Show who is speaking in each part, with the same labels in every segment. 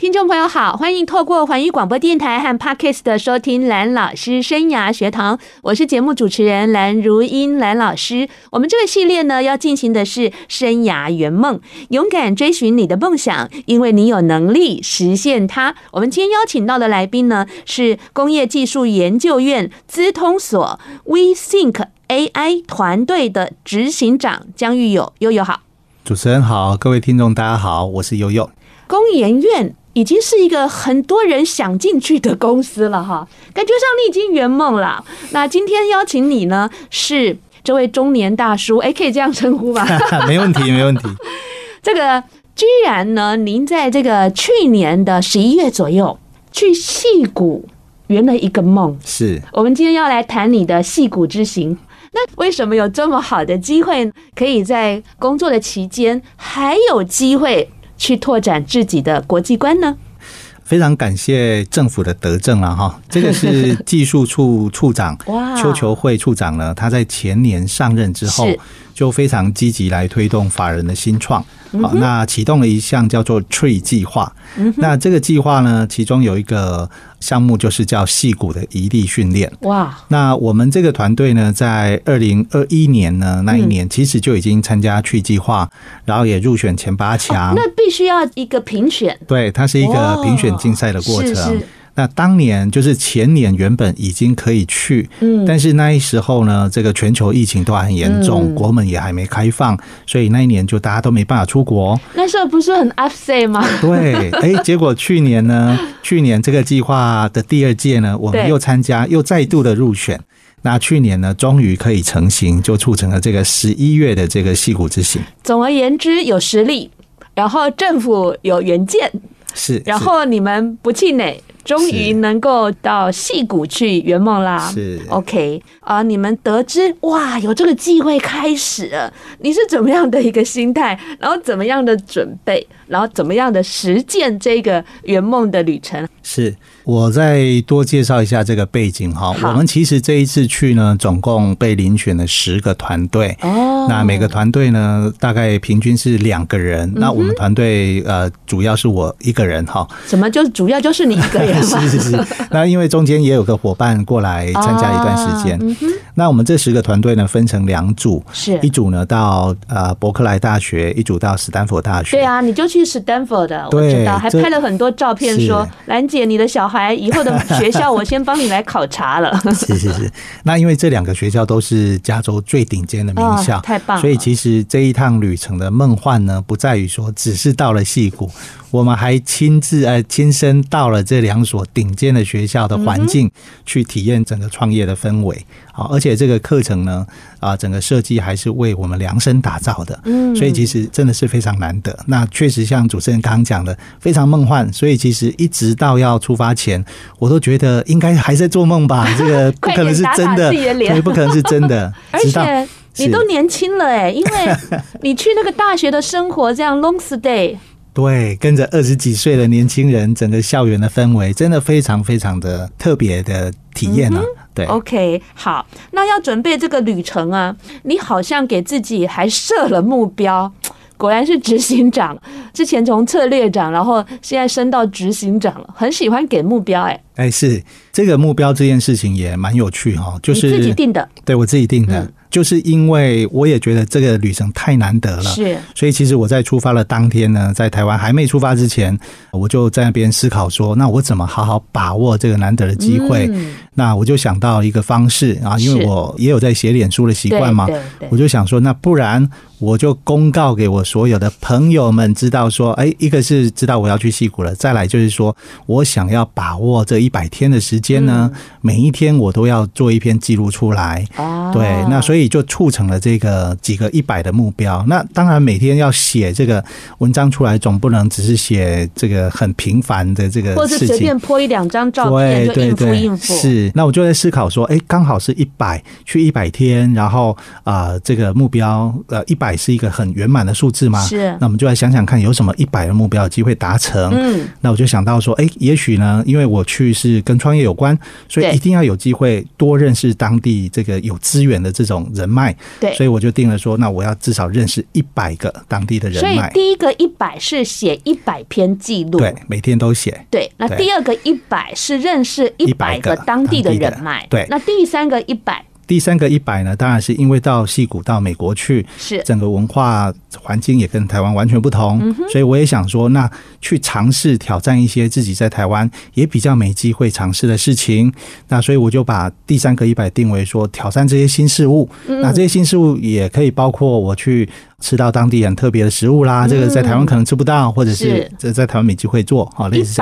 Speaker 1: 聽眾朋友好，歡迎透過寰宇廣播電台和 Podcast 的收聽藍老師生涯學堂，我是節目主持人藍如茵藍老師。我們這個系列呢，要進行的是生涯圓夢，勇敢追尋你的夢想，因為你有能力實現它。我們今天邀請到的來賓呢，是工業技術研究院資通所 WeThink AI 團隊的執行長姜昱有。悠悠好。
Speaker 2: 主持人好，各位聽眾大家好，我是悠悠，
Speaker 1: 工研院。已經是一個很多人想進去的公司了哈，感覺上你已經圓夢了。那今天邀請你呢，是這位中年大叔，誒，可以這樣稱呼吧？ 沒
Speaker 2: 問題，沒問題。
Speaker 1: 這個居然呢，您在這個去年的十一月左右去矽谷圓了一個夢，是我們今天要來談你的矽谷之行。那為什麼有這麼好的機會，可以在工作的期間還有機會？去拓展自己的國際觀呢？
Speaker 2: 非常感謝政府的德政啊。哈，這個是技術處處長邱求慧處長呢，他在前年上任之後， 是就非常積極來推動法人的新創。好，嗯、那啟動了一項叫做 Tree 計劃。那這個計劃呢，其中有一個項目就是叫矽谷的移地訓練。哇！那我們這個團隊呢，在二零二一年呢，那一年其實就已經參加 Tree 計劃，然後也入選前八強。哦、那
Speaker 1: 必須要一個評選，
Speaker 2: 對，它是一個評選競賽的過程。那當年就是前年，原本已經可以去，嗯，但是那一時候呢，這個全球疫情都很嚴重，嗯、國門也還沒開放，所以那一年就大家都沒辦法出國。
Speaker 1: 那時候不是很 upset 嗎？對，哎、欸，結
Speaker 2: 果去年呢， 去年這個計劃的第二屆呢，我們又參加，又再度的入選。對那去年呢，終於可以成行，就促成了這個十一月的這個矽谷之行。
Speaker 1: 總而言之，有實力，然後政府有原件是，是，然後你們不氣餒。終於能夠到矽谷去圓夢啦！是 OK 啊、呃，你們得知哇有這個機會開始了，你是怎麼樣的一個心態？然後怎麼樣的準備？然後怎麼樣的實踐這個圓夢的旅程？
Speaker 2: 是。我再多介紹一下這個背景哈。我們其實這一次去呢，總共被遴選了十個團隊。
Speaker 1: 哦，那每
Speaker 2: 個團隊呢，大概平均是兩個人。那我們團隊呃，主要是我一個人哈。
Speaker 1: 什麼？就主要就是你一個人嗎？是是是。那
Speaker 2: 因為中間也有個夥伴過來參加一段時間。嗯哼。那我們這十個團隊呢，分成兩組，是一組呢到呃伯克萊大學，一組到史丹佛大
Speaker 1: 學。對啊，你就去史丹佛的，我知道，還拍了很多照片，說蘭姐，你的小孩來以後的學校，我先幫你來考察了。
Speaker 2: 是是是，那因為這兩個學校都是加州最頂尖的名校，哦、太棒了！所以其實這一趟旅程的夢幻呢，不在於說只是到了矽谷，我們還親自呃親身到了這兩所頂尖的學校的環境，嗯、哼去體驗整個創業的氛圍。好、哦，而且這個課程呢，啊，整個設計還是為我們量身打造的。嗯，所以其實真的是非常難得。那確實像主持人剛剛講的，非常夢幻。所以其實一直到要出發前。我都覺得應該還是在做夢吧，這個不可能是真的，所 不可能是真的。 而且
Speaker 1: 你都年輕了哎、欸，因為你去那個大學的生活這樣 long stay，
Speaker 2: 對，跟着二十幾歲的年輕人，整個校園的氛圍真的非常非常的特別的體驗呢、啊。對
Speaker 1: ，OK，好，那要準備這個旅程啊，你好像給自己還設了目標。果然是執行長，之前從策略長，然後現在升到執行長了，很喜歡給目標、欸，哎，
Speaker 2: 哎，是這個目標這件事情也蠻有趣哈，就是自己定的，對我自己定的，嗯、就是因為我也覺得這個旅程太難得了，是，所以其實我在出發的當天呢，在台灣還沒出發之前，我就在那邊思考說，那我怎麼好好把握這個難得的機會？嗯、那我就想到一個方式啊，因為我也有在寫臉書的習慣嘛，對對對，我就想說，那不然。我就公告給我所有的朋友們知道說，哎、欸，一個是知道我要去矽谷了，再來就是說我想要把握這一百天的時間呢，嗯、每一天我都要做一篇記錄出來。啊、對，那所以就促成了這個幾個一百的目標。那當然每天要寫這個文章出來，總不能只是寫這個很平凡的這個事情，或是隨便
Speaker 1: PO 一兩張照片對對對。應付應付是，
Speaker 2: 那我就在思考說，哎、欸，剛好是一百去一百天，然後啊、呃，這個目標呃一百。是一個很圓滿的數字嗎？是。那我們就來想想看，有什麼一百個目標有機會達成？嗯。那我就想到說，哎、欸，也許呢，因為我去是跟創業有關，所以一定要有機會多認識當地這個有資源的這種人脈。對。所以我就定了說，那我要至少認識一百個當地的人脈。所以第
Speaker 1: 一個一百是寫一百篇記錄，對，
Speaker 2: 每天都寫。
Speaker 1: 對。那第二個一百是認識一百個當地的人脈。對。那第三個一百。
Speaker 2: 第三個一百呢，當然是因為到矽谷到美國去，是整個文化環境也跟台灣完全不同，嗯、哼所以我也想說，那去嘗試挑戰一些自己在台灣也比較沒機會嘗試的事情，那所以我就把第三個一百定為說挑戰這些新事物，嗯、那這些新事物也可以包括我去。吃到當地很特別的食物啦，這個在台灣可能吃不到，嗯、或者是這在台灣沒機會做，好是，類似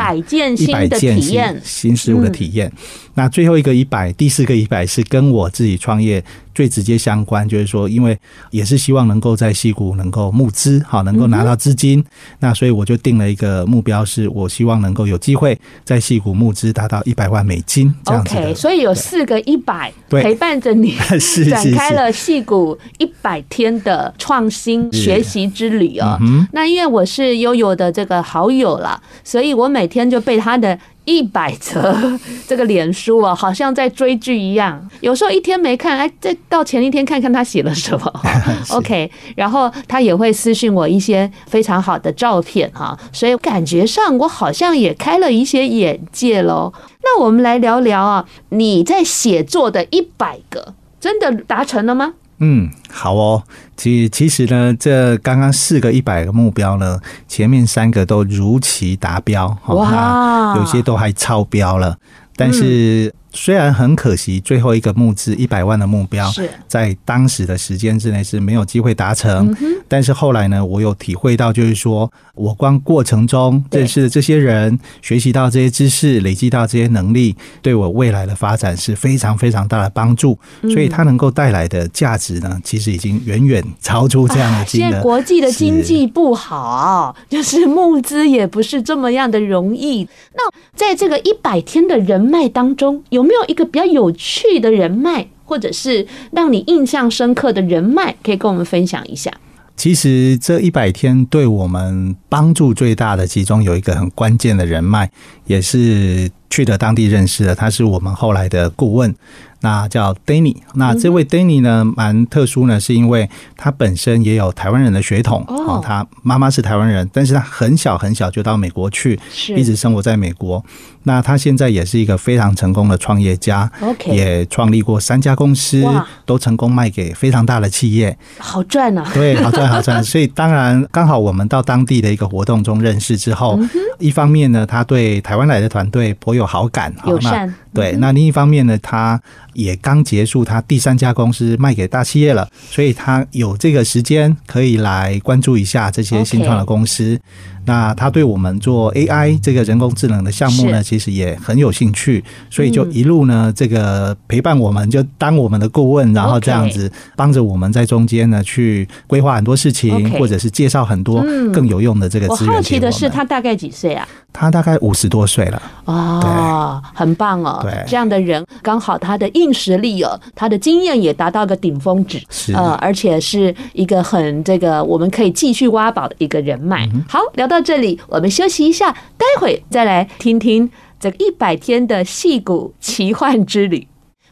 Speaker 2: 一
Speaker 1: 百件新的件新，
Speaker 2: 新食物的體驗。嗯、那最後一個一百，第四個一百是跟我自己創業最直接相關，就是說，因為也是希望能夠在矽谷能夠募資，好，能夠拿到資金。嗯嗯，那所以我就定了一個目標，是我希望能夠有機會在矽谷募資達到一百萬美金這樣子。Okay,
Speaker 1: 所以有四個一百對陪伴着你，展開了矽谷一百天的創始學習之旅哦，嗯、哼那因為我是昱有的這個好友啦，所以我每天就被他的一百則這個臉書啊，哦，好像在追劇一樣。有時候一天沒看，哎，再到前一天看看他寫了什麼。 是 OK，然後他也會私信我一些非常好的照片哈，啊，所以感覺上我好像也開了一些眼界嘍。那我們來聊聊啊，你在寫作的一百個，真的達成了嗎？
Speaker 2: 嗯，好哦。其其實呢，這剛剛四個一百個目標呢，前面三個都如期達標。哇、啊，有些都還超標了，但是，嗯雖然很可惜，最後一個募資一百萬的目標，在當時的時間之內是沒有機會達成。但是後來呢，我有體會到，就是說我光過程中認識的這些人，學習到這些知識，累積到這些能力，對我未來的發展是非常非常大的幫助。所以它能夠帶來的價值呢，其實已經遠遠超出這樣的金額。現在國
Speaker 1: 際的經濟不好，就是募資也不是這麼樣的容易。那在這個一百天的人脈當中有有沒有一個比較有趣的人脈，或者是讓你印象深刻的人脈，可以跟我們分享一下？
Speaker 2: 其實這一百天對我們幫助最大的，其中有一個很關鍵的人脈，也是。去的當地認識的，他是我們後來的顧問，那叫 Danny。那這位 Danny 呢，蠻特殊呢，是因為他本身也有台灣人的血統，Oh. 哦，他媽媽是台灣人，但是他很小很小就到美國去，是，一直生活在美國。那他現在也是一個非常成功的創業家，OK，也創立過三家公司，Wow. 都成功賣給非常大的企業，
Speaker 1: 好賺啊！對，好賺好賺。
Speaker 2: 所以當然剛好我們到當地的一個活動中認識之後，Mm-hmm. 一方面呢，他對台灣來的團隊頗。有好感，好那善。嗯、對，那另一方面呢，他。也剛結束他第三家公司賣給大企業了，所以他有這個時間可以來關注一下這些新創的公司。Okay, 那他對我們做 AI 這個人工智能的項目呢，其實也很有興趣，所以就一路呢這個陪伴我們，就當我們的顧問，然後這樣子幫着我們在中間呢去規劃很多事情，或者是介紹很多更有用的這個資源。嗯，我好奇的是，
Speaker 1: 他大概幾歲啊？
Speaker 2: 他大概五十多歲
Speaker 1: 了。哦，很棒哦！對，這樣的人剛好他的應。實力哦、啊，他的經驗也達到個頂峰值，的呃，而且是一個很這個我們可以繼續挖寶的一個人脈。好，聊到這裡，我們休息一下，待會再來聽聽這一百天的矽谷奇幻之旅。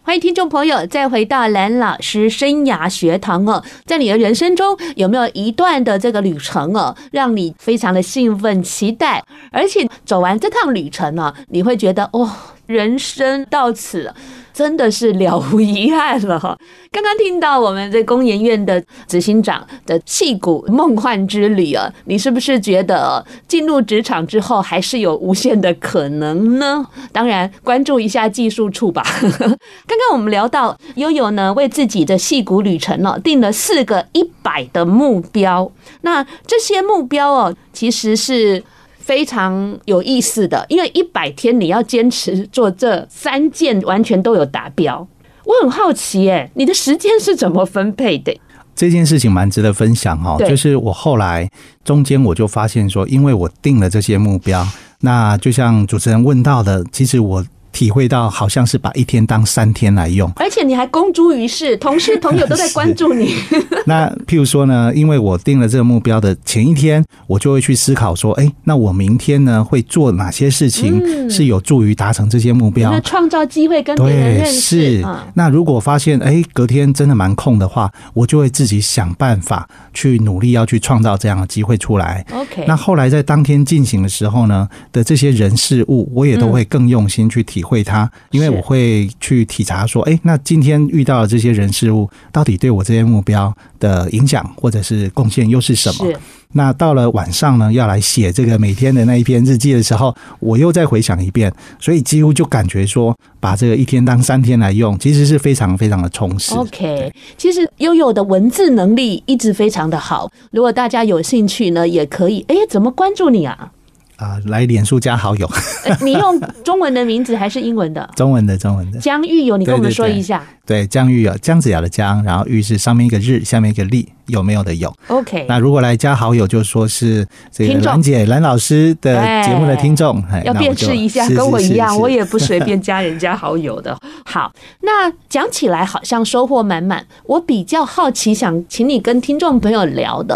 Speaker 1: 歡迎聽眾朋友再回到藍老師生涯學堂哦、啊，在你的人生中有沒有一段的這個旅程哦、啊，讓你非常的興奮期待，而且走完這趟旅程呢、啊，你會覺得哦。人生到此，真的是了無遺憾了哈。剛剛聽到我們這工研院的執行長的矽谷夢幻之旅啊，你是不是覺得進入職場之後還是有無限的可能呢？當然，關注一下技術處吧。 剛剛我們聊到昱有呢，為自己的矽谷旅程呢、哦、定了四個一百的目標。那這些目標哦，其實是。非常有意思的，因為一百天你要堅持做這三件，完全都有達標。我很好奇、欸，哎，你的時間是怎麼分配的？
Speaker 2: 這件事情蠻值得分享哈、哦，對就是我後來中間我就發現說，因為我定了這些目標，那就像主持人問到的，其實我。體會到好像是把一天當三天來用，
Speaker 1: 而且你還公諸於世，同事朋友都在關注你 。
Speaker 2: 那譬如說呢，因為我定了這個目標的前一天，我就會去思考說，哎、欸，那我明天呢會做哪些事情是有助於達成這些目標？那
Speaker 1: 創、嗯就是、造機會跟別人認識。對，是。啊、
Speaker 2: 那如果發現哎、欸、隔天真的蠻空的話，我就會自己想辦法去努力要去創造這樣的機會出來。OK，那後來在當天進行的時候呢的這些人事物，我也都會更用心去體會。嗯會他，因為我會去體察說，哎、欸，那今天遇到的這些人事物，到底對我這些目標的影響或者是貢獻又是什麼？是那到了晚上呢，要來寫這個每天的那一篇日記的時候，我又再回想一遍，所以幾乎就感覺說，把這個一天當三天來用，其實是非常非常的充
Speaker 1: 實的。OK，其實昱有的文字能力一直非常的好，如果大家有興趣呢，也可以，哎、欸，怎麼關注你啊？
Speaker 2: 啊，來，臉書加好友。你用
Speaker 1: 中文的名字還是英文的？
Speaker 2: 中文的，中文的。
Speaker 1: 姜昱有，你跟我們說一下。
Speaker 2: 對，姜昱有，姜子牙的姜，然後昱是上面一個日，下面一個立，有沒有的有。OK 那如果來加好友，就說是這個蘭姐、蘭老師的節目的聽眾，要辨識一下，跟我一樣，我也不隨便加
Speaker 1: 人家好友的。好，那講起來好像收穫滿滿。我比較好奇，想請你跟聽眾朋友聊的，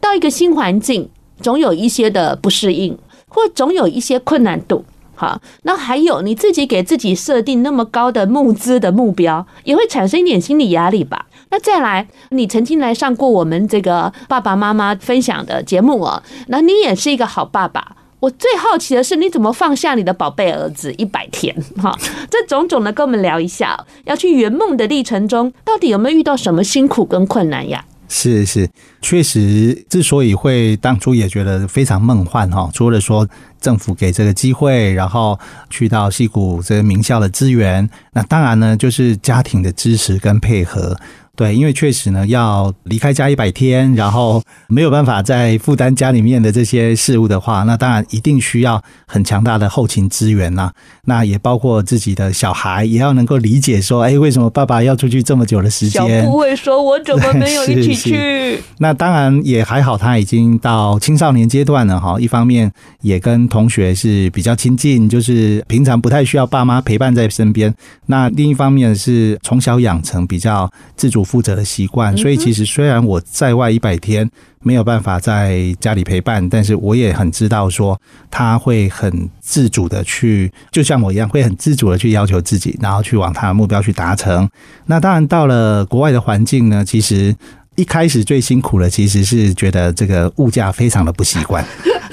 Speaker 1: 到一個新環境，總有一些的不適應，或總有一些困難度，哈，那還有你自己給自己設定那麼高的募資的目標，也會產生一點心理壓力吧？那再來，你曾經來上過我們這個爸爸媽媽分享的節目哦。那你也是一個好爸爸。我最好奇的是，你怎麼放下你的寶貝兒子一百天？哈，這種種的跟我們聊一下，要去圓夢的歷程中，到底有沒有遇到什麼辛苦跟困難呀？
Speaker 2: 是是，確實，之所以會當初也覺得非常夢幻哈、哦，除了說政府給這個機會，然後去到矽谷這個名校的資源，那當然呢，就是家庭的支持跟配合。對，因為確實呢，要離開家一百天，然後沒有辦法再負擔家裡面的這些事務的話，那當然一定需要很強大的後勤資源吶、啊。那也包括自己的小孩，也要能夠理解說，哎，為什麼爸爸要出去這麼久的時間？小不
Speaker 1: 會說，我怎麼沒有一起去？
Speaker 2: 那當然也還好，他已經到青少年階段了哈。一方面也跟同學是比較親近，就是平常不太需要爸媽陪伴在身邊。那另一方面是從小養成比較自主。負責的習慣，所以其實雖然我在外一百天沒有辦法在家裡陪伴，但是我也很知道說，他會很自主的去，就像我一樣，會很自主的去要求自己，然後去往他的目標去達成。那當然到了國外的環境呢，其實。一開始最辛苦的其實是覺得這個物價非常的不習慣，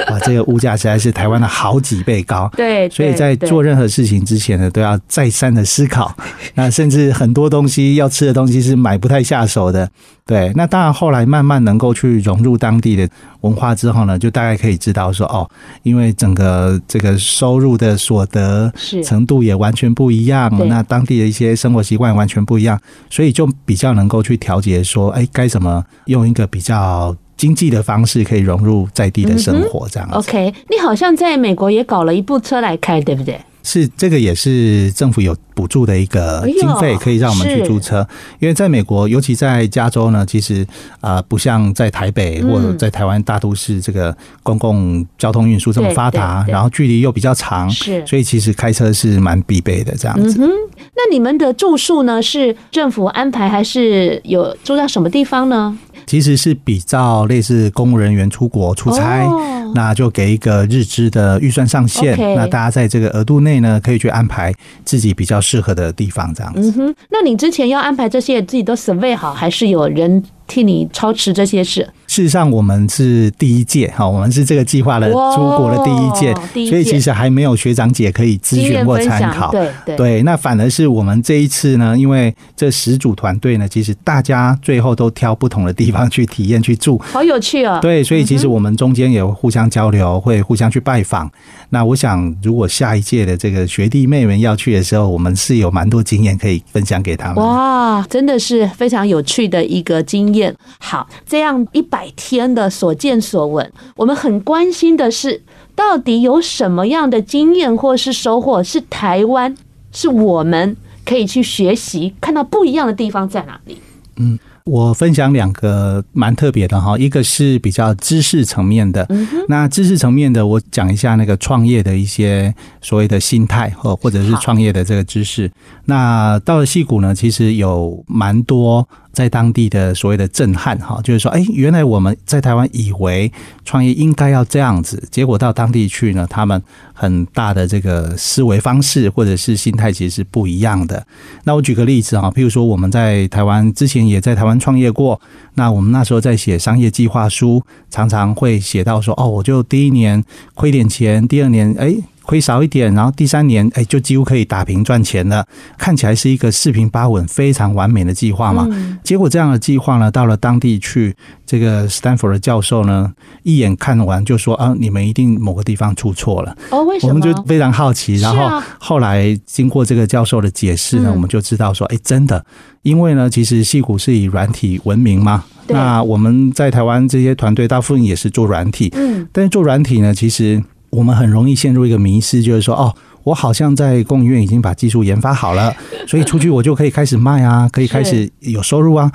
Speaker 2: 啊，這個物價實在是台灣的好幾倍高。對，所以在做任何事情之前呢，都要再三的思考。那甚至很多東西要吃的東西是買不太下手的。對，那當然，後來慢慢能夠去融入當地的文化之後呢，就大概可以知道說，哦，因為整個這個收入的所得程度也完全不一樣，是那當地的一些生活習慣也完全不一樣，對所以就比較能夠去調節說，哎，該怎麼用一個比較經濟的方式可以融入在地的生活這樣子。嗯、OK，
Speaker 1: 你好像在美國也搞了一部車來開，對不對？
Speaker 2: 是，這個也是政府有補助的一個經費，哎、呦可以讓我們去租車。是因為在美國，尤其在加州呢，其實啊、呃，不像在台北、嗯、或者在台灣大都市，這個公共交通運輸這麼發達，對對對，然後距離又比較長，是所以其實開車是蠻必備的這樣子、
Speaker 1: 嗯哼。那你們的住宿呢，是政府安排還是有住到什麼地方呢？
Speaker 2: 其實是比較類似公務人員出國出差，oh. 那就給一個日支的預算上限，Okay. 那大家在這個額度內呢，可以去安排自己比較適合的地方這樣
Speaker 1: 子，嗯哼、mm，hmm. 那你之前要安排這些，自己都 survey 好，還是有人替你操持這些事。事
Speaker 2: 實上，我們是第一屆哈，我們是這個計劃的出國的第一屆，一屆，所以其實還沒有學長姐可以諮詢或參考。對對,對，那反而是我們這一次呢，因為這十組團隊呢，其實大家最後都挑不同的地方去體驗去住，
Speaker 1: 好有趣哦。
Speaker 2: 對，所以其實我們中間也互相交流，嗯哼，會互相去拜訪。那我想，如果下一屆的這個學弟妹們要去的時候，我們是有蠻多經驗可以分享給他們。
Speaker 1: 哇，真的是非常有趣的一個經驗。好，這樣一百天的所見所聞，我們很關心的是，到底有什麼樣的經驗或是收穫，是台灣，是我們可以去學習，看到不一樣的地方在哪裡？嗯，
Speaker 2: 我分享兩個蠻特別的哈，一個是比較知識層面的，嗯、哼那知識層面的，我講一下那個創業的一些所謂的心態或者是創業的這個知識。好那到了矽谷呢，其實有蠻多，在當地的所謂的震撼，哈，就是說，哎，原來我們在台灣以為創業應該要這樣子，結果到當地去呢，他們很大的這個思維方式或者是心態其實是不一樣的。那我舉個例子哈，譬如說我們在台灣之前也在台灣創業過，那我們那時候在寫商業計劃書，常常會寫到說，哦，我就第一年虧點錢，第二年，哎。虧少一點，然後第三年，誒、哎，就幾乎可以打平賺錢了。看起來是一個四平八穩、非常完美的計劃嘛。嗯、結果這樣的計劃呢，到了當地去，這個 Stanford 的教授呢，一眼看完就說：“啊，你們一定某個地方出錯了。”哦，為什麼？我們就非常好奇。然後後來經過這個教授的解釋呢，嗯、我們就知道說：“誒、哎，真的，因為呢，其實矽谷是以軟體聞名嘛。對那我們在台灣這些團隊，大部分也是做軟體。嗯，但是做軟體呢，其實。”我們很容易陷入一個迷思，就是說，哦，我好像在工研院已經把技術研發好了，所以出去我就可以開始賣啊，可以開始有收入啊。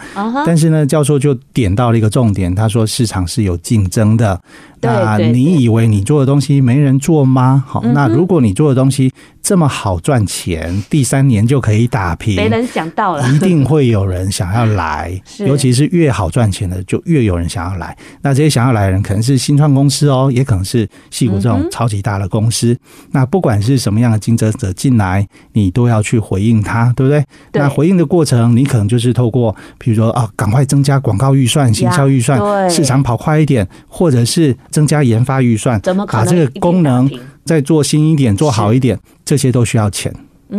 Speaker 2: 但是呢，教授就點到了一個重點，他說，市場是有競爭的。那你以為你做的東西沒人做嗎？好、嗯哼，那如果你做的東西這麼好賺錢，第三年就可以打平，沒人想到了，一定會有人想要來，是尤其是越好賺錢的，就越有人想要來。那這些想要來的人，可能是新創公司哦，也可能是矽谷這種超級大的公司。嗯、哼那不管是什麼樣的競爭者進來，你都要去回應他，對不對？對，那回應的過程，你可能就是透過，比如說啊，趕快增加廣告預算、行銷預算、市場跑快一點，或者是，增加研發預算，怎麼把這個功能再做新一點、做好一點，是這些都需要錢。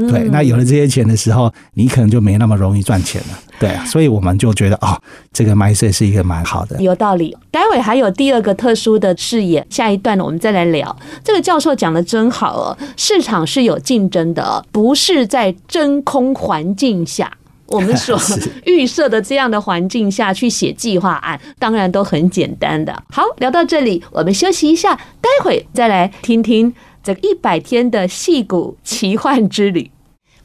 Speaker 2: 對，那有了這些錢的時候，你可能就沒那麼容易賺錢了。對，所以我們就覺得，哦，這個麥穗是一個蠻好的。
Speaker 1: 有道理。待會還有第二個特殊的視野，下一段呢，我們再來聊。這個教授講的真好哦，市場是有競爭的，不是在真空環境下。我們所預設的這樣的環境下去寫計劃案，是當然都很簡單的。好，聊到這裡，我們休息一下，待會再來聽聽這一百天的矽谷奇幻之旅。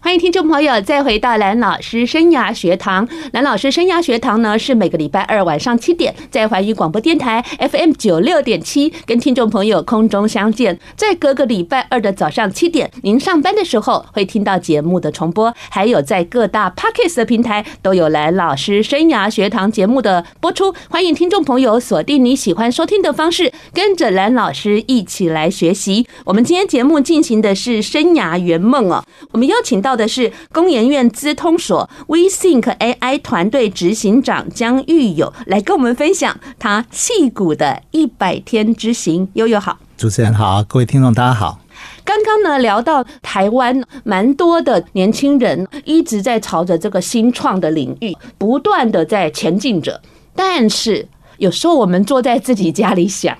Speaker 1: 歡迎聽眾朋友再回到藍老師生涯學堂。藍老師生涯學堂呢，是每個禮拜二晚上七點在環宇廣播電台 FM 九六點七跟聽眾朋友空中相見。在隔個禮拜二的早上七點，您上班的時候會聽到節目的重播，還有在各大 Podcast 的平台都有藍老師生涯學堂節目的播出。歡迎聽眾朋友鎖定你喜歡收聽的方式，跟着藍老師一起來學習。我們今天節目進行的是生涯圓夢哦、啊，我們邀請到。的是工研院資通所 WeThink AI 團隊執行長薑昱有來跟我們分享他矽谷的一百天之行。昱有好，
Speaker 2: 主持人好，各位聽眾大家好。好家好
Speaker 1: 剛剛呢聊到台灣蠻多的年輕人一直在朝着這個新創的領域不斷的在前進着，但是有時候我們坐在自己家裡想，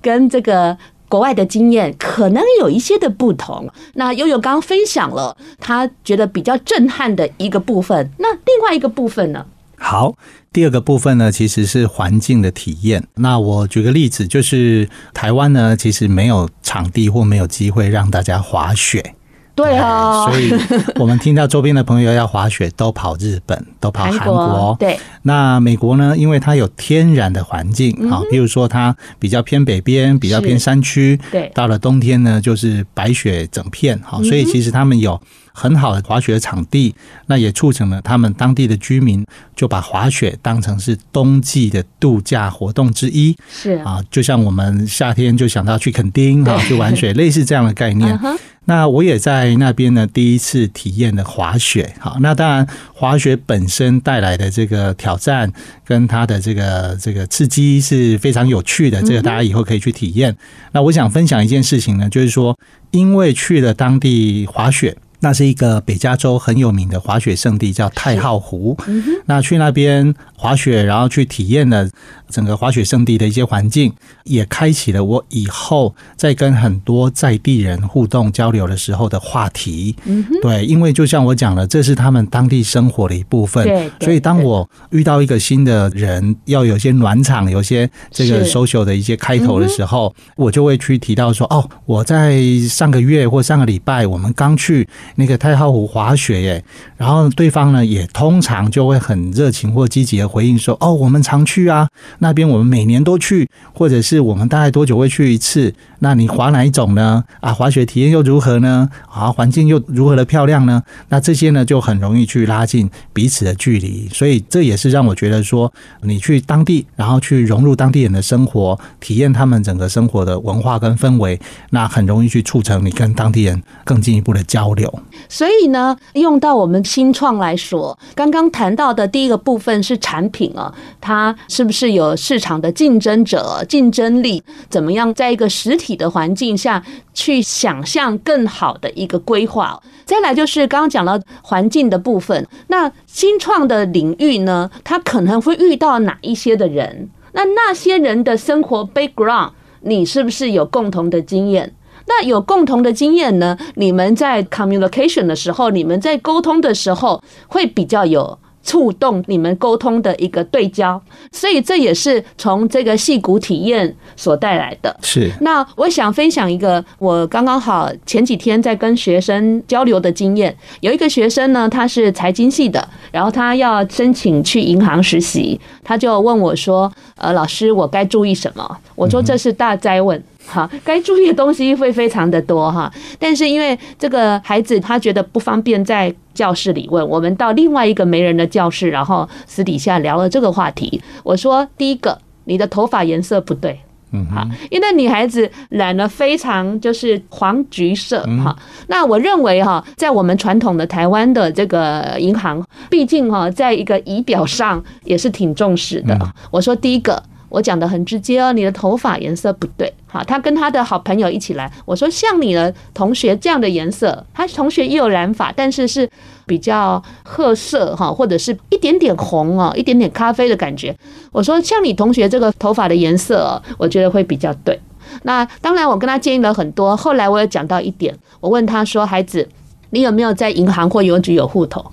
Speaker 1: 跟這個。國外的經驗可能有一些的不同。那悠悠剛剛分享了他覺得比較震撼的一個部分，那另外一個部分呢？
Speaker 2: 好，第二個部分呢，其實是環境的體驗。那我舉個例子，就是台灣呢，其實沒有場地或沒有機會讓大家滑雪。
Speaker 1: 對啊、哦，所以我
Speaker 2: 們聽到周邊的朋友要滑雪都跑日本，都跑韓國、哦。對、嗯，那美國呢？因為它有天然的環境哈，比如說它比較偏北邊，比較偏山區。對，到了冬天呢，就是白雪整片。好，所以其實他們有。很好的滑雪的場地，那也促成了他們當地的居民就把滑雪當成是冬季的度假活動之一。是啊，就像我們夏天就想到去墾丁哈對 去玩水，對 類似這樣的概念。嗯、哼那我也在那邊呢，第一次體驗了滑雪。哈，那當然滑雪本身帶來的這個挑戰跟它的這個這個刺激是非常有趣的，這個大家以後可以去體驗。嗯、哼那我想分享一件事情呢，就是說因為去了當地滑雪。那是一個北加州很有名的滑雪聖地，叫太浩湖。嗯、那去那邊滑雪，然後去體驗了整個滑雪聖地的一些環境，也開啟了我以後在跟很多在地人互動交流的時候的話題。嗯、哼對，因為就像我講的，這是他們當地生活的一部分。所以當我遇到一個新的人，對要有些暖場，有些這個 social 的一些開頭的時候，嗯、我就會去提到說：“哦，我在上個月或上個禮拜，我們剛去。”那個太浩湖滑雪耶，然後對方呢也通常就會很熱情或積極的回應說，哦，我們常去啊，那邊我們每年都去，或者是我們大概多久會去一次？那你滑哪一種呢？啊，滑雪體驗又如何呢？啊，環境又如何的漂亮呢？那這些呢就很容易去拉近彼此的距離，所以這也是讓我覺得說，你去當地，然後去融入當地人的生活，體驗他們整個生活的文化跟氛圍，那很容易去促成你跟當地人更進一步的交流。
Speaker 1: 所以呢，用到我們新創來說，剛剛談到的第一個部分是產品哦、啊，它是不是有市場的競爭者、競爭力？怎麼樣，在一個實體的環境下去想象更好的一個規劃？再來就是剛剛講到環境的部分，那新創的領域呢，它可能會遇到哪一些的人？那那些人的生活 background，你是不是有共同的經驗？那有共同的經驗呢？你們在 communication 的時候，你們在溝通的時候會比較有觸動，你們溝通的一個對焦，所以這也是從這個矽谷體驗所帶來的。是。那我想分享一個我剛剛好前幾天在跟學生交流的經驗，有一個學生呢，他是財經系的，然後他要申請去銀行實習，他就問我說：“呃，老師，我該注意什麼？”我說：“這是大哉問。嗯”好，該注意的東西會非常的多哈，但是因為這個孩子他覺得不方便在教室裡問，我們到另外一個沒人的教室，然後私底下聊了這個話題。我說，第一個，你的頭髮顏色不對，嗯哼，哈，因為那女孩子染了非常就是黃橘色，哈、嗯，那我認為哈，在我們傳統的台灣的這個銀行，畢竟哈，在一個儀表上也是挺重視的。嗯、我說，第一個。我講得很直接哦，你的頭髮顏色不對，好，他跟他的好朋友一起來，我說像你的同學這樣的顏色，他同學也有染髮，但是是比較褐色哈，或者是一點點紅哦，一點點咖啡的感覺。我說像你同學這個頭髮的顏色，我覺得會比較對。那當然，我跟他建議了很多，後來我也講到一點，我問他說：“孩子，你有沒有在銀行或郵局有戶頭？”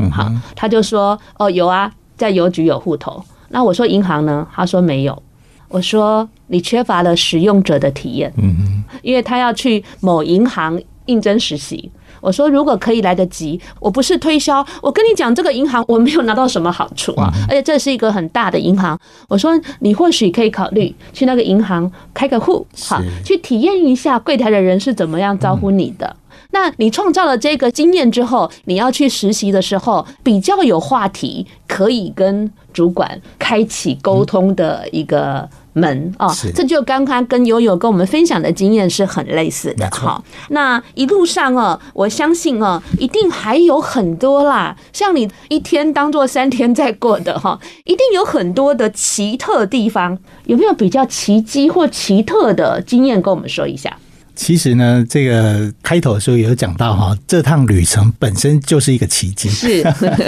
Speaker 1: 嗯，好，他就說：“哦、呃，有啊，在郵局有戶頭。”那我說銀行呢？他說沒有。我說你缺乏了使用者的體驗，嗯嗯，因為他要去某銀行應徵實習。我說如果可以來得及，我不是推銷，我跟你講這個銀行我沒有拿到什麼好處啊，而且這是一個很大的銀行。我說你或許可以考慮去那個銀行開個戶，好，去體驗一下櫃檯的人是怎麼樣招呼你的。那你創造了這個經驗之後，你要去實習的時候比較有話題可以跟。主管開啟溝通的一個門、嗯、哦，是這就剛剛跟悠悠跟我們分享的經驗是很類似的。好 That's right. 哦，那一路上啊，我相信啊，一定還有很多啦，像你一天當做三天再過的哈，哦，一定有很多的奇特地方。有沒有比較奇蹟或奇特的經驗跟我們說一下？
Speaker 2: 其實呢，這個開頭的時候也有講到哈，這趟旅程本身就是一個奇蹟。
Speaker 1: 是，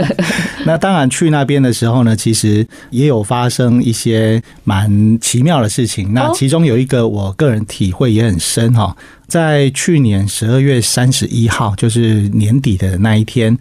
Speaker 2: 那當然去那邊的時候呢，其實也有發生一些蠻奇妙的事情。那其中有一個我個人體會也很深哈，在去年十二月三十一號，就是年底的那一天。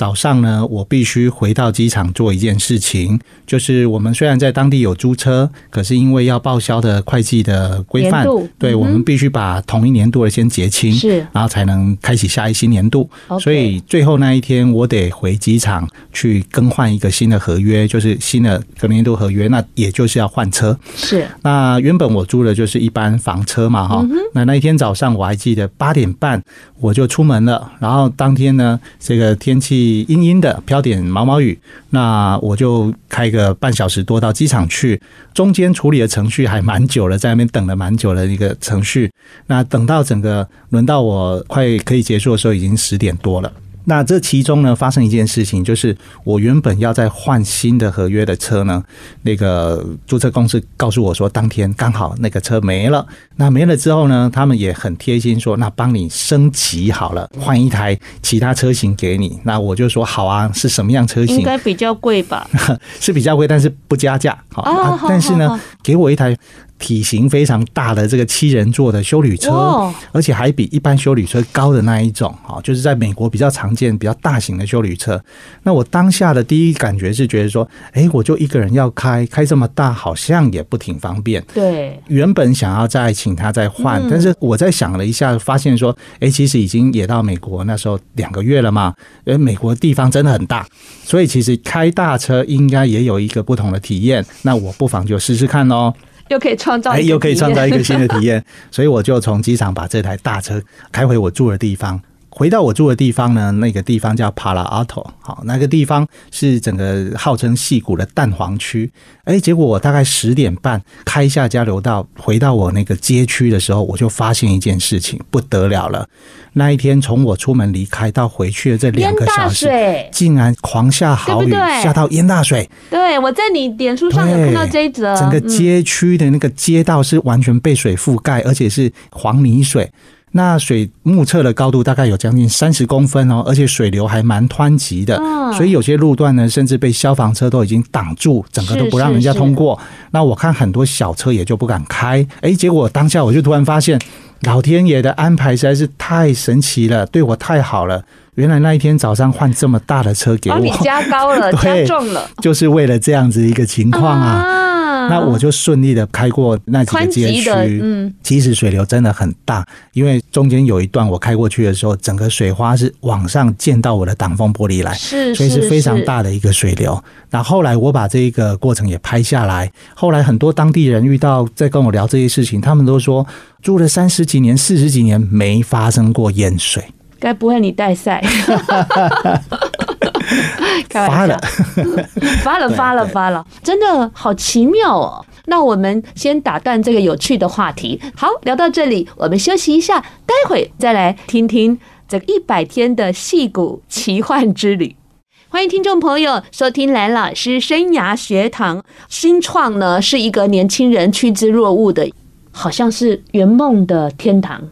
Speaker 2: 早上呢，我必須回到機場做一件事情，就是我們雖然在當地有租車，可是因為要報銷的會計的規範，嗯、對，我們必須把同一年度的先結清，是，然後才能開啟下一新年度。是所以最後那一天，我得回機場去更換一個新的合約，就是新的隔年度合約，那也就是要換車。是，那原本我租的就是一般房車嘛，哈、嗯哼，那那一天早上我還記得八點半我就出門了，然後當天呢，這個天氣。陰陰的飄點毛毛雨，那我就開個半小時多到機場去，中間處理的程序還蠻久了，在那邊等了蠻久的一個程序，那等到整個輪到我快可以結束的時候，已經十點多了。那這其中呢，發生一件事情，就是我原本要在換新的合約的車呢，那個租車公司告訴我說，當天剛好那個車沒了。那沒了之後呢，他們也很貼心說，說那幫你升級好了，換一台其他車型給你。那我就說好啊，是什麼樣車型？
Speaker 1: 應該比較貴吧？
Speaker 2: 是比較貴，但是不加價。好啊，但是呢，給我一台，體型非常大的這個七人座的休旅車，而且還比一般休旅車高的那一種，哈，就是在美國比較常見、比較大型的休旅車。那我當下的第一感覺是覺得說，誒，我就一個人要開，開這麼大好像也不挺方便。對，原本想要再請他再換，但是我在想了一下，發現說，誒，其實已經也到美國那時候兩個月了嘛，誒，美國的地方真的很大，所以其實開大車應該也有一個不同的體驗。那我不妨就試試看咯、哦
Speaker 1: 又可以創造，哎，又可以創造一個新的體驗，
Speaker 2: 所以我就從機場把這台大車開回我住的地方。回到我住的地方呢，那個地方叫帕拉阿托，好，那個地方是整個號稱矽谷的蛋黃區。誒、欸，結果我大概十點半開下交流道，回到我那個街區的時候，我就發現一件事情不得了了。那一天從我出門離開到回去的這兩個小時，竟然狂下豪雨，對對下到淹大水。
Speaker 1: 對，我在你臉書上有看到這一則，整個街
Speaker 2: 區的那個街道是完全被水覆蓋，嗯、而且是黃泥水。那水目測的高度大概有將近三十公分哦，而且水流還蠻湍急的，嗯，所以有些路段呢，甚至被消防車都已經擋住，整個都不讓人家通過。是是是。那我看很多小車也就不敢開，哎，結果當下我就突然發現，老天爺的安排實在是太神奇了，對我太好了。原來那一天早上換這麼大的車給我比加高了、 對加重了，就是為了這樣子一個情況啊。啊那我就順利的開過那幾個街區，嗯，其實水流真的很大，因為中間有一段我開過去的時候，整個水花是往上濺到我的擋風玻璃來，是，所以是非常大的一個水流。那後來我把這一個過程也拍下來，後來很多當地人遇到在跟我聊這些事情，他們都說住了三十幾年、四十幾年沒發生過淹水，
Speaker 1: 該不會你帶賽？開玩笑發了， 發了，發了，發了，真的好奇妙哦！那我們先打斷這個有趣的話題，好，聊到這裡，我們休息一下，待會再來聽聽這個一百天的矽谷奇幻之旅。歡迎聽眾朋友收聽蘭老師生涯學堂。新創呢，是一個年輕人趨之若鶩的，好像是圓夢的天堂。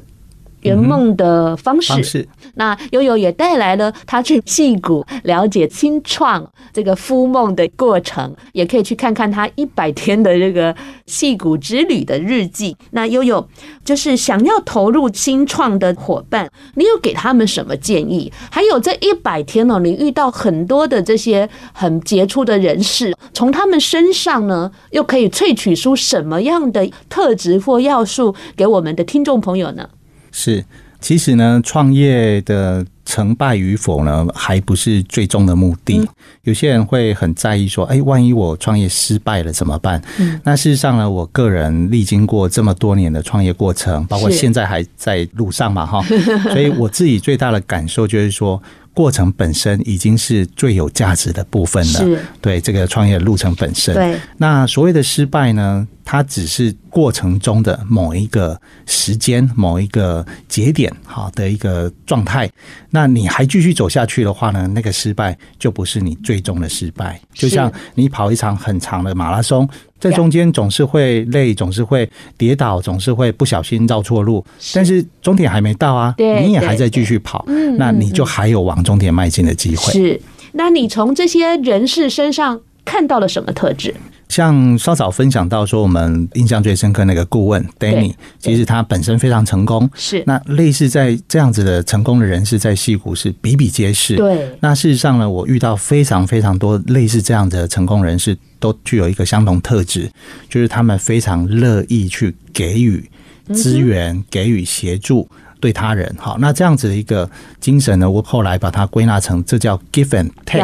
Speaker 1: 圓夢的方式、嗯，方式。那昱有也帶來了他去矽谷了解新創這個孵夢的過程，也可以去看看他一百天的這個矽谷之旅的日記。那昱有，就是想要投入新創的夥伴，你有給他們什麼建議？還有這一百天呢、喔，你遇到很多的這些很傑出的人士，從他們身上呢，又可以萃取出什麼樣的特質或要素給我們的聽眾朋友呢？
Speaker 2: 是，其實呢，創業的成敗與否呢，還不是最終的目的。嗯、有些人會很在意說：“哎、欸，萬一我創業失敗了怎麼辦？”嗯、那事實上呢，我個人歷經過這麼多年的創業過程，包括現在還在路上嘛，哈是。所以我自己最大的感受就是說。 過程本身已經是最有價值的部分了是 對，對這個創業的路程本身。對 那所謂的失敗呢，它只是過程中的某一個時間、某一個節點好的一個狀態。那你還繼續走下去的話呢，那個失敗就不是你最終的失敗。就像你跑一場很長的馬拉松。在中間總是會累，總是會跌倒，總是會不小心繞錯路，是，但是終點還沒到啊！對，你也還在繼續跑，對對對，那你就還有往終點邁進的機會，嗯嗯
Speaker 1: 嗯。是，那你從這些人士身上看到了什麼特質？
Speaker 2: 像稍早分享到說，我們印象最深刻那個顧問 Danny，其實他本身非常成功。是那類似在這樣子的成功的人士，在矽谷是比比皆是。對。那事實上呢，我遇到非常非常多類似這樣子的成功的人士，都具有一個相同特質，就是他們非常樂意去給予資源、嗯、哼給予協助對他人。好，那這樣子的一個精神呢，我後來把它歸納成，這叫 give and take。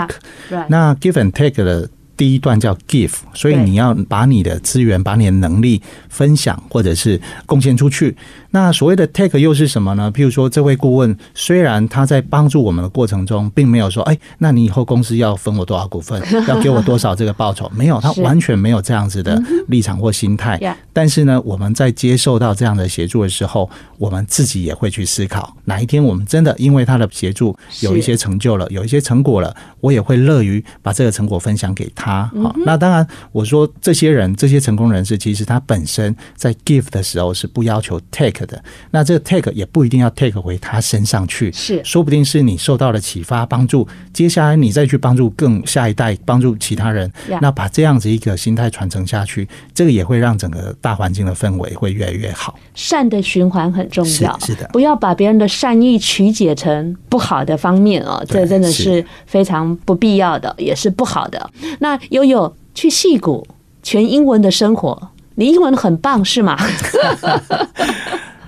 Speaker 2: Yeah, right. 那 give and take 的。第一段叫 give，所以你要把你的資源、把你的能力分享或者是貢獻出去。那所謂的 take 又是什麼呢？譬如說，這位顧問雖然他在幫助我們的過程中，並沒有說“哎、欸，那你以後公司要分我多少股份，要給我多少這個報酬”， 沒有，他完全沒有這樣子的立場或心態。是但是呢，我們在接受到這樣的協助的時候，我們自己也會去思考：哪一天我們真的因為他的協助有一些成就了，是有一些成果了，我也會樂於把這個成果分享給他。他好，嗯、那當然，我說這些人這些成功人士，其實他本身在 give 的時候是不要求 take 的，那這個 take 也不一定要 take 回他身上去，是，說不定是你受到了啟發幫助，接下來你再去幫助更下一代，幫助其他人，Yeah. 那把這樣子一個心態傳承下去，這個也會讓整個大環境的氛圍會越來越好，
Speaker 1: 善的循環很重要，是,是的，不要把別人的善意曲解成不好的方面啊、哦，嗯、這真的是非常不必要的，也是不好的，那。昱有去矽谷，全英文的生活，你英文很棒是嗎？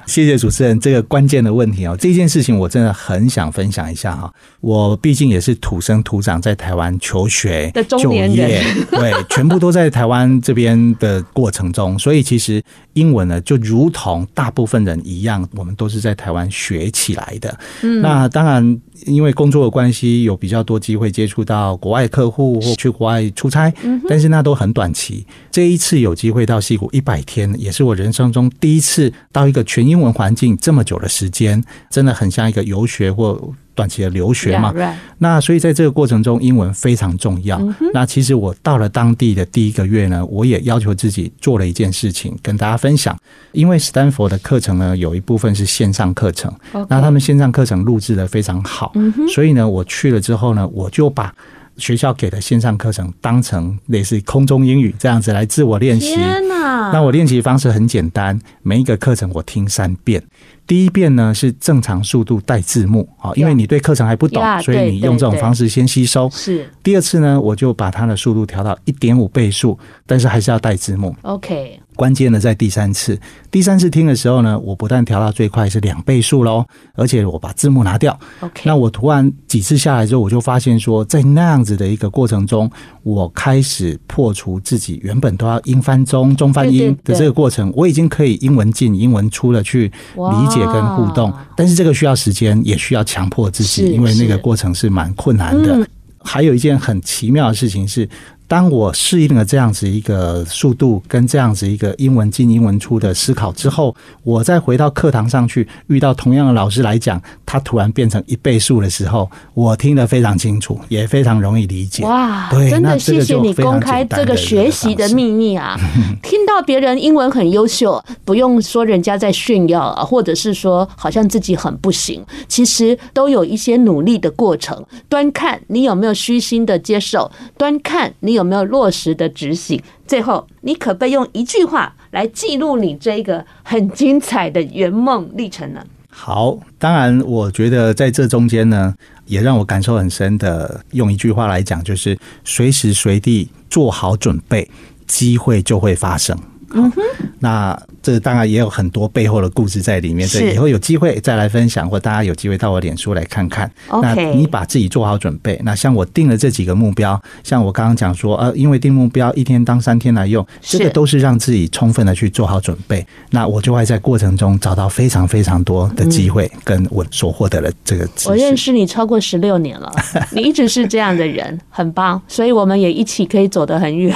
Speaker 2: 謝謝主持人這個關鍵的問題哦，這件事情我真的很想分享一下哈、哦。我畢竟也是土生土長在台灣求學的中年人，就業，對， 全部都在台灣這邊的過程中，所以其實英文呢，就如同大部分人一樣，我們都是在台灣學起來的。嗯、那當然。因為工作的關係，有比較多機會接觸到國外客戶或去國外出差，但是那都很短期。這一次有機會到矽谷一百天，也是我人生中第一次到一個全英文環境這麼久的時間，真的很像一個遊學或。短期的留學嘛，yeah, right. 那所以在這個過程中，英文非常重要。Mm hmm. 那其實我到了當地的第一個月呢，我也要求自己做了一件事情，跟大家分享。因為斯坦福的課程呢，有一部分是線上課程，Okay. 那他們線上課程錄製的非常好，mm hmm. 所以呢，我去了之後呢，我就把。學校給的線上課程，當成類似空中英語這樣子來自我練習。天哪！那我練習方式很簡單，每一個課程我聽三遍。第一遍呢，是正常速度帶字幕啊，Yeah. 因為你對課程還不懂，yeah, 所以你用這種方式先吸收。對對對。是第二次呢，我就把它的速度調到一點五倍速，但是還是要帶字幕。OK。關鍵的在第三次，第三次聽的時候呢，我不但調到最快是兩倍速嘍，而且我把字幕拿掉。Okay. 那我突然幾次下來之後，我就發現說，在那樣子的一個過程中，我開始破除自己原本都要英翻中、中翻英的這個過程，對對對，我已經可以英文進、英文出了去理解跟互動。Wow. 但是這個需要時間，也需要強迫自己，是是，因為那個過程是蠻困難的。嗯、還有一件很奇妙的事情是。當我適應了這樣子一個速度，跟這樣子一個英文進、英文出的思考之後，我再回到課堂上去，遇到同樣的老師來講。它突然變成一倍數的時候，我聽得非常清楚，也非常容易理解。哇，對，真的謝謝你公開這個學習的
Speaker 1: 秘密啊！ 聽到別人英文很優秀，不用說人家在炫耀啊，或者是說好像自己很不行，其實都有一些努力的過程。端看你有沒有虛心的接受，端看你有沒有落實的執行。最後，你可不可以用一句話來記錄你這一個很精彩的圓夢歷程呢、啊？
Speaker 2: 好，當然，我覺得在這中間呢，也讓我感受很深的，用一句話來講，就是隨時隨地做好準備，機會就會發生。 那這當然也有很多背後的故事在裡面。對。是以後有機會再來分享，或大家有機會到我臉書來看看。OK，那你把自己做好準備。那像我定了這幾個目標，像我剛剛講說，呃，因為定目標一天當三天來用，這個都是讓自己充分的去做好準備。是那我就會在過程中找到非常非常多的機會，嗯、跟我所獲得的這個。我認
Speaker 1: 識你超過十六年了， 你一直是這樣的人，很棒。所以我們也一起可以走得很遠。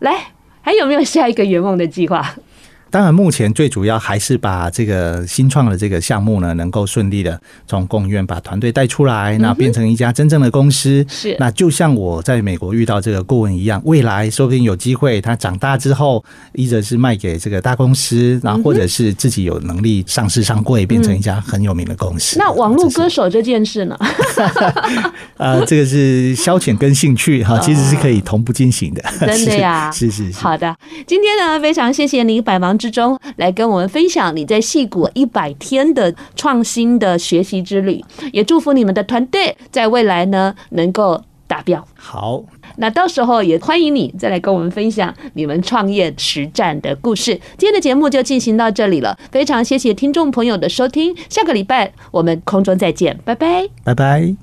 Speaker 1: 來。還有沒有下一個圓夢的計劃？
Speaker 2: 當然，目前最主要還是把這個新創的這個項目呢，能夠順利的從工研院把團隊帶出來，那變成一家真正的公司，是那就像我在美國遇到這個顧問一樣，未來說不定有機會，他長大之後，一則是賣給這個大公司，然後或者是自己有能力上市上櫃，變成一家很有名的公司。嗯。
Speaker 1: 那網絡歌手這件事呢？啊
Speaker 2: 呃，這個是消遣跟興趣哈，其實是可以同步進行的。哦，是真的呀，是是是，是。
Speaker 1: 好的，今天呢，非常謝謝你百忙之中來跟我們分享你在矽谷一百天的創新的學習之旅，也祝福你們的團隊在未來呢能夠達標。好，那到時候也歡迎你再來跟我們分享你們創業實戰的故事。今天的節目就進行到這裡了，非常謝謝聽眾朋友的收聽，下個禮拜我們空中再見，拜拜，
Speaker 2: 拜拜。